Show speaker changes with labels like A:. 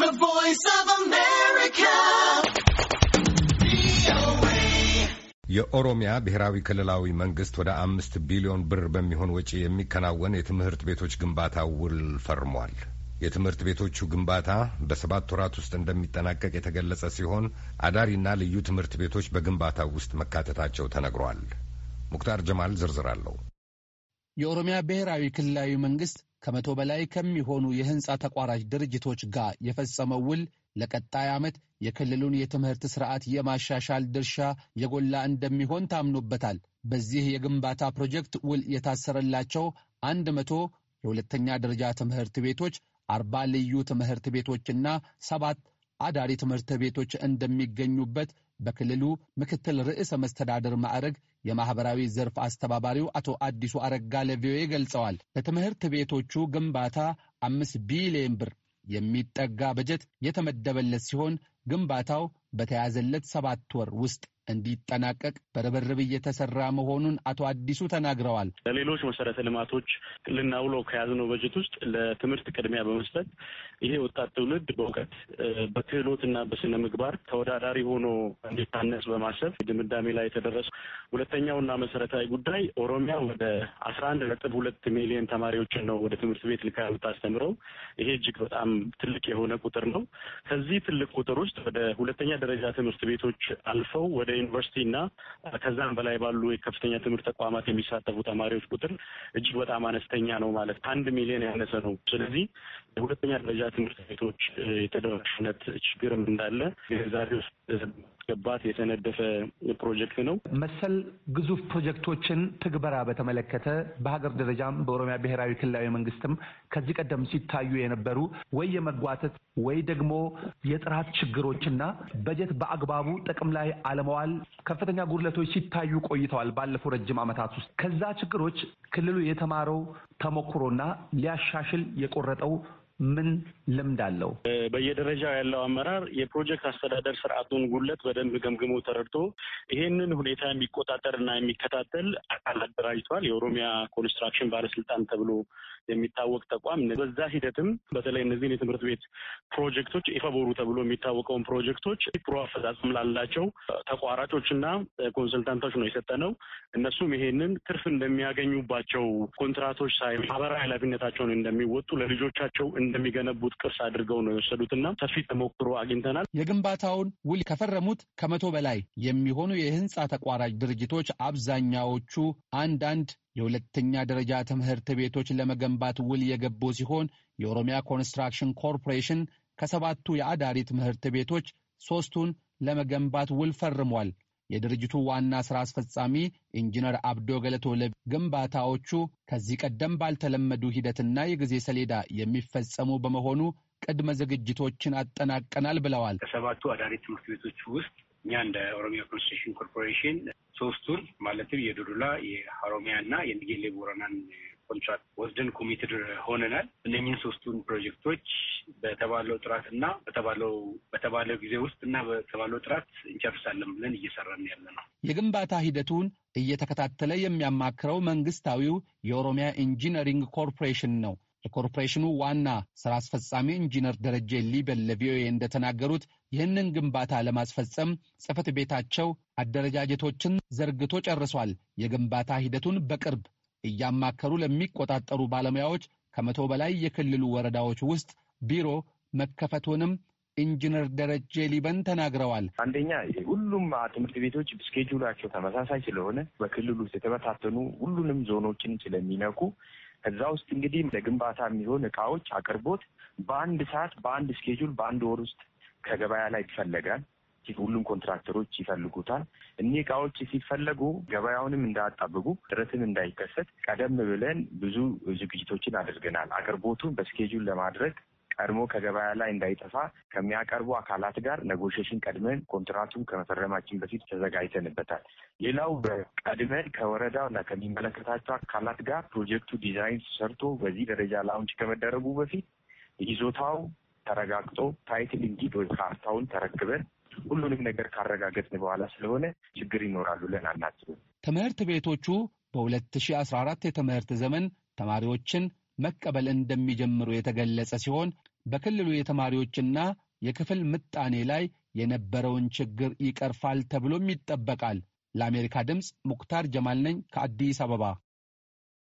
A: The Voice of America.
B: የኦሮሚያ ብሔራዊ ክልላዊ መንግስት ወደ አምስት ቢሊዮን ብር በሚሆን ወጪ የሚከናወን የትምህርት ቤቶች ግንባታ ውል ፈርሟል። የትምህርት ቤቶቹ ግንባታ በሰባት ወራት ውስጥ እንደሚጠናቀቅ የተገለጸ ሲሆን አዳሪና ልዩ ትምህርት ቤቶች በግንባታው ውስጥ መካተታቸው ተነግሯል። ሙክታር ጀማል ዝርዝር አለው።
A: የኦሮሚያ ብሔራዊ ክልላዊ መንግስት ከመቶ በላይ ከሚሆኑ የህንፃ ተቋራጭ ድርጅቶች ጋር የፈጸመው ውል ለቀጣይ ዓመት የክልሉን የትምህርት ስርዓት የማሻሻል ድርሻ የጎላ እንደሚሆን ታምኖበታል። በዚህ የግንባታ ፕሮጀክት ውል የታሰረላቸው አንድ መቶ የሁለተኛ ደረጃ ትምህርት ቤቶች፣ አርባ ልዩ ትምህርት ቤቶችና ሰባት አዳሪ ትምህርት ቤቶች እንደሚገኙበት በክልሉ ምክትል ርዕሰ መስተዳድር ማዕረግ የማኅበራዊ ዘርፍ አስተባባሪው አቶ አዲሱ አረጋ ለቪኦኤ ገልጸዋል። ለትምህርት ቤቶቹ ግንባታ አምስት ቢሊዮን ብር የሚጠጋ በጀት የተመደበለት ሲሆን ግንባታው በተያዘለት ሰባት ወር ውስጥ እንዲጠናቀቅ በርብርብ እየተሰራ መሆኑን አቶ አዲሱ ተናግረዋል።
C: ለሌሎች መሰረተ ልማቶች ልናውለው ከያዝነው በጀት ውስጥ ለትምህርት ቅድሚያ በመስጠት ይሄ ወጣት ትውልድ በእውቀት በክህሎትና በስነ ምግባር ተወዳዳሪ ሆኖ እንዲታነጽ በማሰብ ድምዳሜ ላይ የተደረሰ ሁለተኛውና መሰረታዊ ጉዳይ ኦሮሚያ ወደ አስራ አንድ ነጥብ ሁለት ሚሊዮን ተማሪዎችን ነው ወደ ትምህርት ቤት ልካ የምታስተምረው። ይሄ እጅግ በጣም ትልቅ የሆነ ቁጥር ነው። ከዚህ ትልቅ ቁጥር ውስጥ ወደ ሁለተኛ ደረጃ ትምህርት ቤቶች አልፈው ወደ ዩኒቨርሲቲ እና ከዛም በላይ ባሉ የከፍተኛ ትምህርት ተቋማት የሚሳተፉ ተማሪዎች ቁጥር እጅግ በጣም አነስተኛ ነው ማለት ከአንድ ሚሊዮን ያነሰ ነው። ስለዚህ የሁለተኛ ደረጃ ትምህርት ቤቶች የተደራሽነት ችግርም እንዳለ ግንዛቤ ውስጥ ለማስገባት የተነደፈ ፕሮጀክት
A: ነው። መሰል ግዙፍ ፕሮጀክቶችን ትግበራ በተመለከተ በሀገር ደረጃም በኦሮሚያ ብሔራዊ ክልላዊ መንግስትም ከዚህ ቀደም ሲታዩ የነበሩ ወይ የመጓተት ወይ ደግሞ የጥራት ችግሮችና በጀት በአግባቡ ጥቅም ላይ አለመዋል ከፍተኛ ጉድለቶች ሲታዩ ቆይተዋል። ባለፈው ረጅም ዓመታት ውስጥ ከዛ ችግሮች ክልሉ የተማረው ተሞክሮና ሊያሻሽል የቆረጠው ምን ልምድ አለው?
C: በየደረጃው ያለው አመራር የፕሮጀክት አስተዳደር ስርዓቱን ጉለት በደንብ ገምግሞ ተረድቶ ይሄንን ሁኔታ የሚቆጣጠር የሚቆጣጠርና የሚከታተል አካል አደራጅቷል። የኦሮሚያ ኮንስትራክሽን ባለስልጣን ተብሎ የሚታወቅ ተቋም በዛ ሂደትም በተለይ እነዚህን የትምህርት ቤት ፕሮጀክቶች ኢፈቦሩ ተብሎ የሚታወቀውን ፕሮጀክቶች ፕሮ አፈጻጸም ላላቸው ተቋራጮች ተቋራጮችና ኮንስልታንቶች ነው የሰጠነው። እነሱም ይሄንን ትርፍ እንደሚያገኙባቸው ኮንትራቶች ሳይ ማህበራዊ ኃላፊነታቸውን እንደሚወጡ ለልጆቻቸው እንደሚገነቡት ቅርስ አድርገው ነው የወሰዱትና
A: ሰፊ ተሞክሮ አግኝተናል። የግንባታውን ውል ከፈረሙት ከመቶ በላይ የሚሆኑ የህንፃ ተቋራጭ ድርጅቶች አብዛኛዎቹ አንዳንድ የሁለተኛ ደረጃ ትምህርት ቤቶች ለመገንባት ውል የገቡ ሲሆን የኦሮሚያ ኮንስትራክሽን ኮርፖሬሽን ከሰባቱ የአዳሪ ትምህርት ቤቶች ሶስቱን ለመገንባት ውል ፈርሟል። የድርጅቱ ዋና ስራ አስፈጻሚ ኢንጂነር አብዶ ገለቶ ግንባታዎቹ ከዚህ ቀደም ባልተለመዱ ሂደትና የጊዜ ሰሌዳ የሚፈጸሙ በመሆኑ ቅድመ ዝግጅቶችን አጠናቀናል ብለዋል። ከሰባቱ አዳሪ ትምህርት ቤቶች ውስጥ እኛ እንደ
C: ኦሮሚያ ኮንስትራክሽን ኮርፖሬሽን ሶስቱን ማለትም የዶዶላ፣ የሀሮሚያ እና የንጌሌ ቦረናን ኮንትራክት ወስደን ኮሚትድ ሆነናል። እነኝን ሶስቱን ፕሮጀክቶች በተባለው ጥራት እና በተባለው በተባለው ጊዜ ውስጥ እና በተባለው ጥራት እንጨርሳለን ብለን እየሰራን ያለ ነው።
A: የግንባታ ሂደቱን እየተከታተለ የሚያማክረው መንግስታዊው የኦሮሚያ ኢንጂነሪንግ ኮርፖሬሽን ነው። የኮርፖሬሽኑ ዋና ስራ አስፈጻሚ ኢንጂነር ደረጀ ሊበል ለቪኦኤ እንደተናገሩት ይህንን ግንባታ ለማስፈጸም ጽፈት ቤታቸው አደረጃጀቶችን ዘርግቶ ጨርሷል። የግንባታ ሂደቱን በቅርብ እያማከሩ ለሚቆጣጠሩ ባለሙያዎች ከመቶ በላይ የክልሉ ወረዳዎች ውስጥ ቢሮ መከፈቱንም ኢንጂነር ደረጀ ሊበን ተናግረዋል። አንደኛ ሁሉም ትምህርት ቤቶች
B: ስኬጁላቸው ተመሳሳይ ስለሆነ በክልሉ ውስጥ የተበታተኑ ሁሉንም ዞኖችን ስለሚነኩ ከዛ ውስጥ እንግዲህ ለግንባታ የሚሆን እቃዎች አቅርቦት በአንድ ሰዓት በአንድ ስኬጁል በአንድ ወር ውስጥ ከገበያ ላይ ይፈለጋል። ሁሉም ኮንትራክተሮች ይፈልጉታል። እኒህ እቃዎች ሲፈለጉ ገበያውንም እንዳያጣብቁ ጥረትም እንዳይከሰት ቀደም ብለን ብዙ ዝግጅቶችን አድርገናል። አቅርቦቱን በስኬጁል ለማድረግ ቀድሞ ከገበያ ላይ እንዳይጠፋ ከሚያቀርቡ አካላት ጋር ኔጎሽሽን ቀድመን ኮንትራቱን ከመፈረማችን በፊት ተዘጋጅተንበታል። ሌላው ቀድመን ከወረዳና ከሚመለከታቸው አካላት ጋር ፕሮጀክቱ ዲዛይን ሰርቶ በዚህ ደረጃ ላውንች ከመደረጉ በፊት ይዞታው ተረጋግጦ ታይትል እንጂ ወይ ካርታውን ተረክበን ሁሉንም ነገር ካረጋገጥን በኋላ ስለሆነ ችግር ይኖራሉ ብለን አናስብም።
A: ትምህርት ቤቶቹ በ2014 የትምህርት ዘመን ተማሪዎችን መቀበል እንደሚጀምሩ የተገለጸ ሲሆን በክልሉ የተማሪዎችና የክፍል ምጣኔ ላይ የነበረውን ችግር ይቀርፋል ተብሎም ይጠበቃል። ለአሜሪካ ድምፅ ሙክታር ጀማል ነኝ ከአዲስ አበባ።